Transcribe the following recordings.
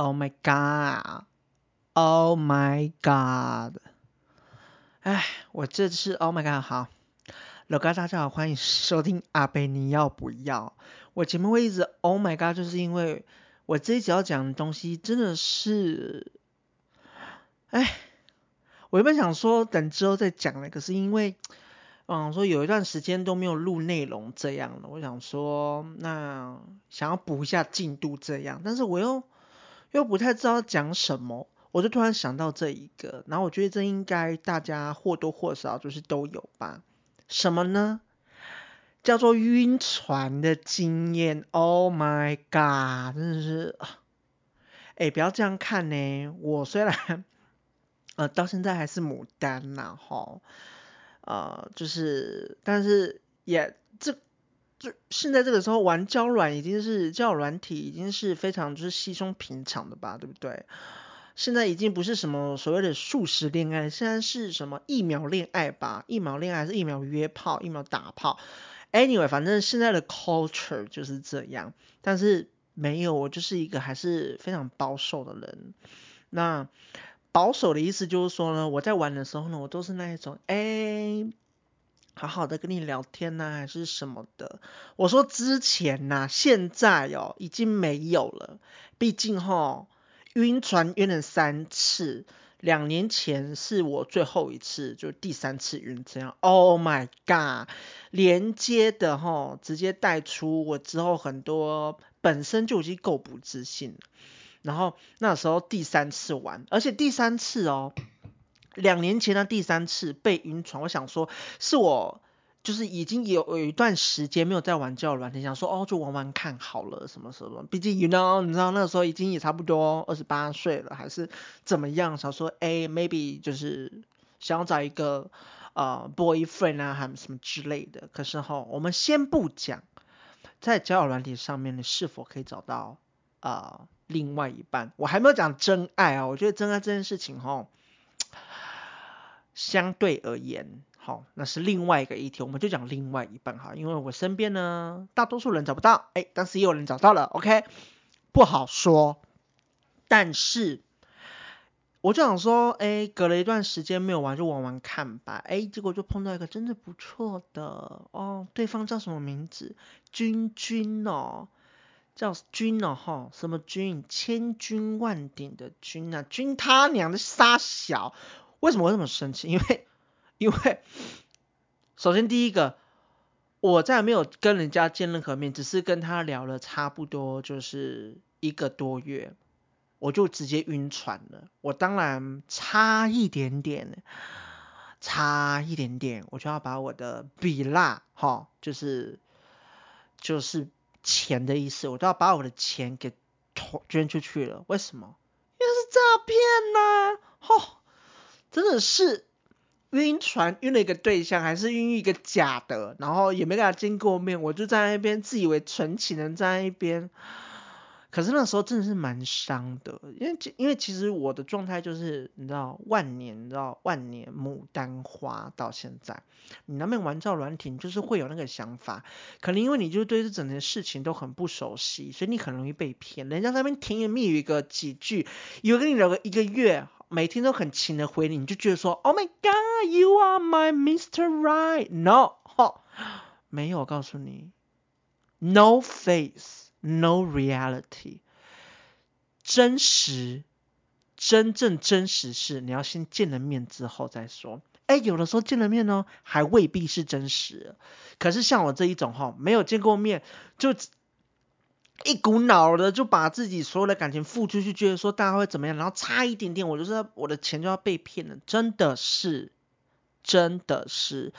Oh my god, oh my god！哎，我這次 Oh my god 好，老嘎大家好，歡迎收聽阿貝你要不要？我前面會一直 Oh my god，就是因為我這一集要講的東西真的是，哎，我原本想說等之後再講了，可是因為，嗯，說有一段時間都沒有錄內容這樣了，我想說那想要補一下進度這樣，但是我又。又不太知道講什麼，我就突然想到這一個，然後我覺得這應該大家或多或少就是都有吧？什麼呢？叫做暈船的經驗。Oh my god！真的是，哎、呃欸，不要這樣看呢，欸。我雖然，呃，到現在還是牡丹然後，哈，呃，就是，但是也這。就現在這個時候玩交軟已經是交軟體已經是非常就是稀鬆平常的吧，對不對？現在已經不是什麼所謂的速食戀愛，現在是什麼一秒戀愛吧？一秒戀愛還是一秒約炮，一秒打炮？Anyway，反正現在的 culture 就是這樣。但是沒有，我就是一個還是非常保守的人。那保守的意思就是說呢，我在玩的時候呢，我都是那一種哎。好好的跟你聊天呢、啊，還是什麼的？我說之前吶、啊，現在哦、喔，已經沒有了。畢竟哈，暈船暈了三次，兩年前是我最後一次，就第三次暈這樣。Oh my God！連接的哈，直接帶出我之後很多本身就已經夠不自信了。然後，那時候第三次玩，而且第三次哦、喔。兩年前的第三次被暈船，我想說是我就是已經有有一段時間沒有在玩交友軟件，想說哦就玩玩看好了，什麼什麼。畢竟 you know 你知道那個時候已經也差不多二十八歲了，還是怎麼樣？想說哎、欸、maybe 就是想要找一個啊、呃、boyfriend 啊，還是什麼之類的。可是哈，我們先不講在交友軟體上面你是否可以找到呃另外一半，我還沒有講真愛啊。我覺得真愛這件事情哈。相對而言，好，那是另外一個議題，我們就講另外一半哈，因為我身邊呢，大多數人找不到，哎、欸，但是也有人找到了，OK，不好說，但是我就想說，哎、欸，隔了一段時間沒有玩，就玩玩看吧，哎、欸，結果就碰到一個真的不錯的哦，對方叫什麼名字？君君哦，叫君哦，什麼君？千軍萬頂的君啊，君他娘的殺小。為什麼會這麼生氣？因為，因為首先第一個，我再沒有跟人家見任何面，只是跟他聊了差不多就是一個多月，我就直接暈船了。我當然差一點點，差一點點，我就要把我的幣啦，哈，就是就是錢的意思，我都要把我的錢給捐出去了。為什麼？又是詐騙吶！齁。真的是暈船暈了一個對象，還是暈一個假的，然後也沒跟他見過面，我就在那邊自以為純情的在那邊，可是那時候真的是蠻傷的，因為因為其實我的狀態就是你知道萬年，你知道萬年牡丹花到現在，你那邊玩造軟體，你就是會有那個想法，可能因為你就對這整件事情都很不熟悉，所以你很容易被騙，人家在那邊甜言蜜語一個幾句，以為跟你聊個一個月。每天都很勤的回你，你就覺得說，Oh my God，You are my Mr. Right，No，、哦、沒有，我告訴你，No face，No reality，真實，真正真實是你要先見了面之後再說。哎，有的時候見了面呢、哦，還未必是真實。可是像我這一種哈、哦，沒有見過面就。一股腦的就把自己所有的感情付出去，覺得說大家會怎麼樣，然後差一點點，我就知道我的錢就要被騙了，真的是，真的是。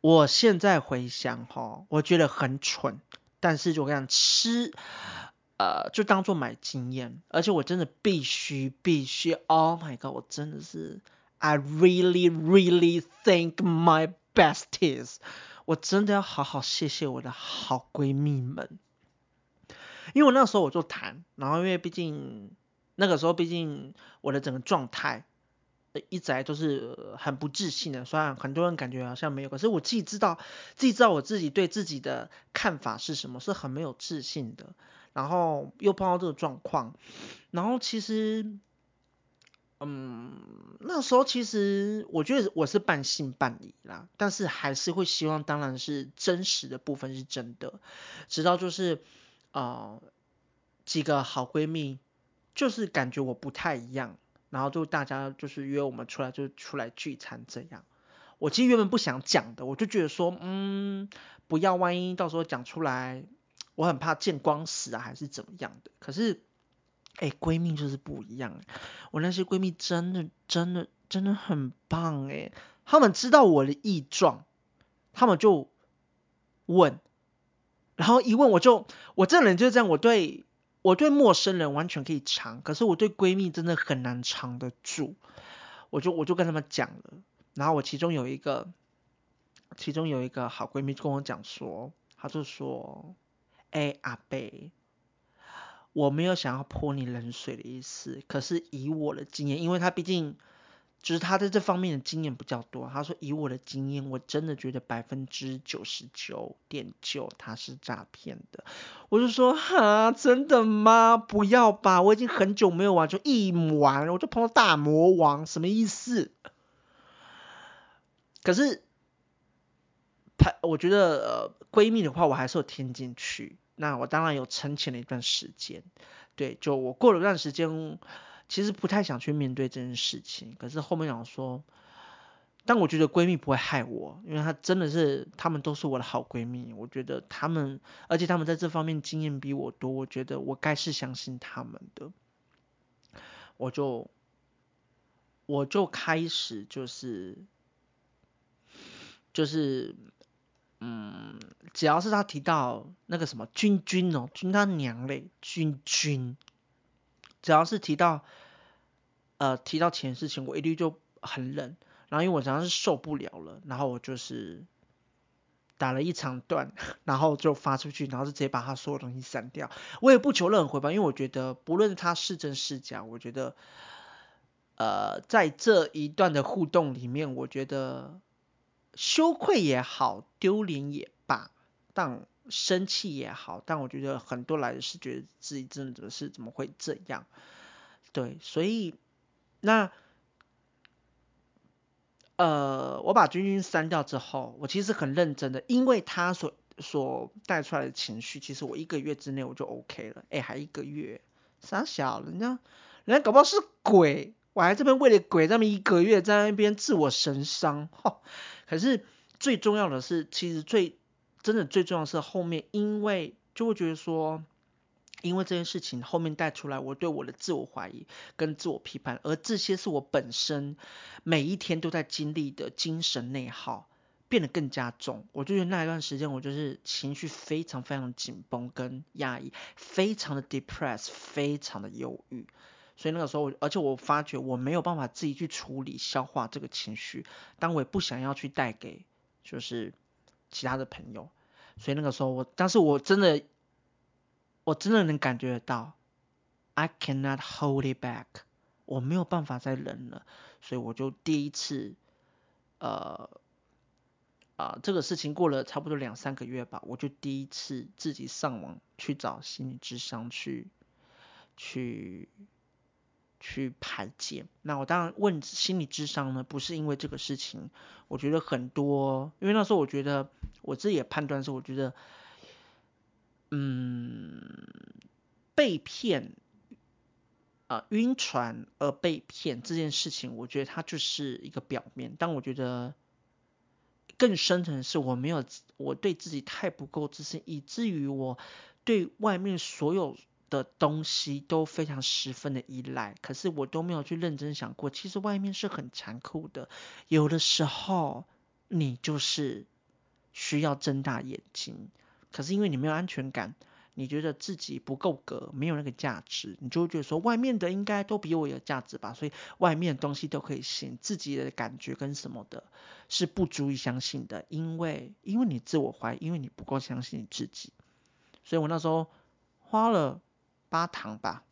我現在回想哈，我覺得很蠢，但是就我跟你講吃，呃，就當做買經驗。而且我真的必須必須，Oh my god，我真的是，I really really thank my besties，我真的要好好謝謝我的好閨蜜們。因為那時候我就談，然後因為畢竟那個時候，畢竟我的整個狀態，呃，一直來都是很不自信的，雖然很多人感覺好像沒有，可是我自己知道自己知道我自己對自己的看法是什麼，是很沒有自信的。然後又碰到這個狀況，然後其實，嗯，那時候其實我覺得我是半信半疑啦，但是還是會希望，當然是真實的部分是真的，直到就是。啊、呃，幾個好閨蜜，就是感覺我不太一樣，然後就大家就是約我們出來，就出來聚餐這樣。我其實原本不想講的，我就覺得說，嗯，不要，萬一到時候講出來，我很怕見光死啊，還是怎麼樣的。可是，哎、欸，閨蜜就是不一樣、欸，我那些閨蜜真的真的真的很棒哎、欸，她們知道我的異狀，她們就問。然後一問我就，我這人就是這樣，我對我對陌生人完全可以藏，可是我對閨蜜真的很難藏得住。我就我就跟他們講了，然後我其中有一個，其中有一個好閨蜜就跟我講說，她就說：“哎、欸，阿貝，我沒有想要潑你冷水的意思，可是以我的經驗，因為她畢竟。”就是他在這方面的經驗比較多。他說：“以我的經驗，我真的覺得百分之九十九點九他是詐騙的。”我就說：“哈，真的嗎？不要吧！我已經很久沒有玩，就一玩我就碰到大魔王，什麼意思？”可是，他我覺得呃閨蜜的話，我還是有聽進去。那我當然有沉潛了一段時間。對，就我過了一段時間。其實不太想去面對這件事情，可是後面想說，但我覺得閨蜜不會害我，因為她真的是，她們都是我的好閨蜜，我覺得她們，而且她們在這方面經驗比我多，我覺得我該是相信他們的，我就，我就開始就是，就是，嗯，只要是他提到那個什麼君君哦，君他娘嘞，君君。只要是提到呃提到錢的事情，我一律就很冷。然後因為我常常是受不了了，然後我就是打了一長段，然後就發出去，然後就直接把他所有東西刪掉。我也不求任何回報，因為我覺得不論他是真是假，我覺得呃在這一段的互動裡面，我覺得羞愧也好，丟臉也罷，但。生氣也好，但我覺得很多來的是覺得自己真的怎麼是怎麼會這樣？對，所以那呃，我把君君刪掉之後，我其實很認真的，因為他所所帶出來的情緒，其實我一個月之內我就 OK 了，哎、欸，還一個月，傻小，人家人家搞不好是鬼，我還這邊為了鬼那麼一個月在那邊自我神傷，吼，可是最重要的是，其實最真的最重要的是後面，因為就會覺得說，因為這件事情後面帶出來，我對我的自我懷疑跟自我批判，而這些是我本身每一天都在經歷的精神內耗，變得更加重。我就覺得那一段時間我就是情緒非常非常緊繃跟壓抑，非常的 depressed，非常的憂鬱。所以那個時候我，而且我發覺我沒有辦法自己去處理消化這個情緒，但我也不想要去帶給就是其他的朋友。所以那個時候，我，但是我真的，我真的能感覺得到，I cannot hold it back，我沒有辦法再忍了，所以我就第一次，呃，啊、呃，這個事情過了差不多兩三個月吧，我就第一次自己上網去找心理諮商去，去，去排解。那我當然問心理諮商呢，不是因為這個事情，我覺得很多，因為那時候我覺得。我自己也判斷是，我覺得，嗯，被騙啊，呃，暈船而被騙這件事情，我覺得它就是一個表面。但我覺得更深層的是，我沒有，我對自己太不夠自信，以至於我對外面所有的東西都非常十分的依賴。可是我都沒有去認真想過，其實外面是很殘酷的。有的時候你就是。需要睜大眼睛，可是因為你沒有安全感，你覺得自己不夠格，沒有那個價值，你就會覺得說外面的應該都比我有價值吧，所以外面的東西都可以信，自己的感覺跟什麼的是不足以相信的，因為因為你自我懷疑，因為你不夠相信你自己，所以我那時候花了八堂吧，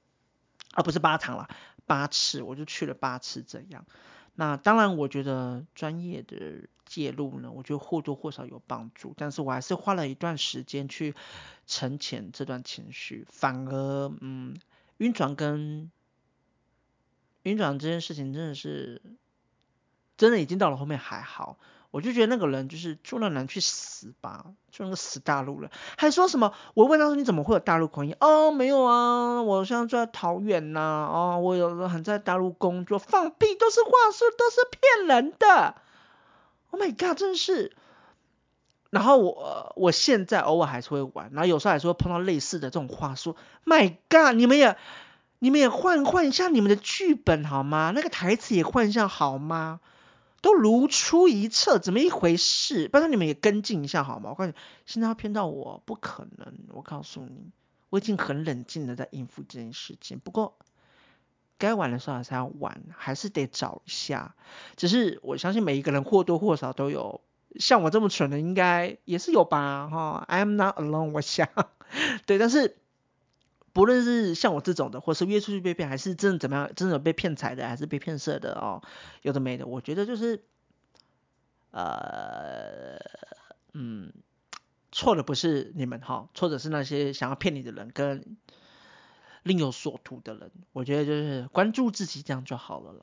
而、啊、不是八堂啦，八次，我就去了八次這樣。那當然，我覺得專業的介入呢，我覺得或多或少有幫助，但是我還是花了一段時間去沉潛這段情緒，反而，嗯，暈船跟暈船這件事情真的是，真的已經到了後面還好。我就覺得那個人就是祝那人去死吧，祝那個死大陸人，還說什麼？我問他說你怎麼會有大陸口音？哦，沒有啊，我現在住在桃園吶、啊，哦，我有時候很在大陸工作，放屁都是話術，都是騙人的。Oh my god，真是。然後我我現在偶爾還是會玩，然後有時候還是會碰到類似的這種話術。My god，你們也你們也換換一下你們的劇本好嗎？那個台詞也換一下好嗎？都如出一轍，怎麼一回事？不然你們也跟進一下好嗎？我告訴你，現在要騙到我不可能。我告訴你，我已經很冷靜的在應付這件事情。不過，該玩的時候還是要玩，還是得找一下。只是我相信每一個人或多或少都有，像我這麼蠢的應該也是有吧？哈，I'm not alone，我想。 對，但是。不論是像我這種的，或是約出去被騙，還是真的怎麼樣，真的有被騙財的，還是被騙色的哦，有的沒的。我覺得就是，呃，嗯，錯的不是你們哈、哦，錯的是那些想要騙你的人跟另有所圖的人。我覺得就是關注自己，這樣就好了啦。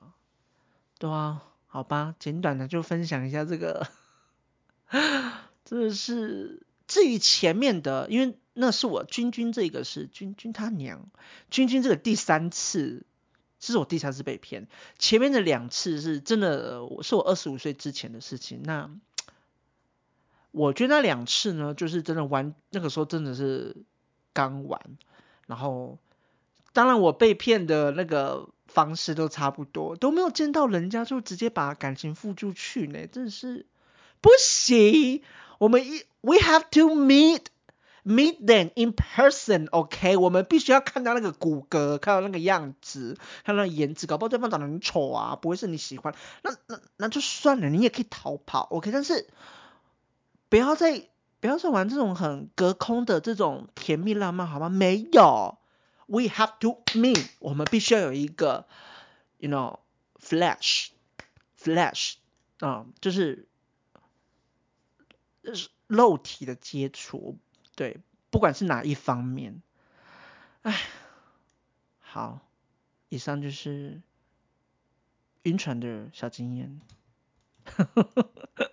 對啊，好吧，簡短的就分享一下這個，這 是至於前面的，因為。那是我君君，這個是君君他娘，君君這個第三次，這是我第三次被騙。前面的兩次是真的，我是我二十五歲之前的事情。那我覺得那兩次呢，就是真的玩，那個時候真的是剛玩。然後，當然我被騙的那個方式都差不多，都沒有見到人家就直接把感情付出去呢，真的是不行。我們一，we have to meet。Meet them in person, OK？我們必須要看到那個骨骼，看到那個樣子，看到那顏值，搞不好對方長得很醜啊，不會是你喜歡，那那那就算了，你也可以逃跑，OK？但是不要再不要再玩這種很隔空的這種甜蜜浪漫，好嗎？沒有，We have to meet，我們必須要有一個，you know，flesh，flesh 啊、嗯，就是，就是肉體的接觸。對，不管是哪一方面，哎，好，以上就是暈船的小經驗。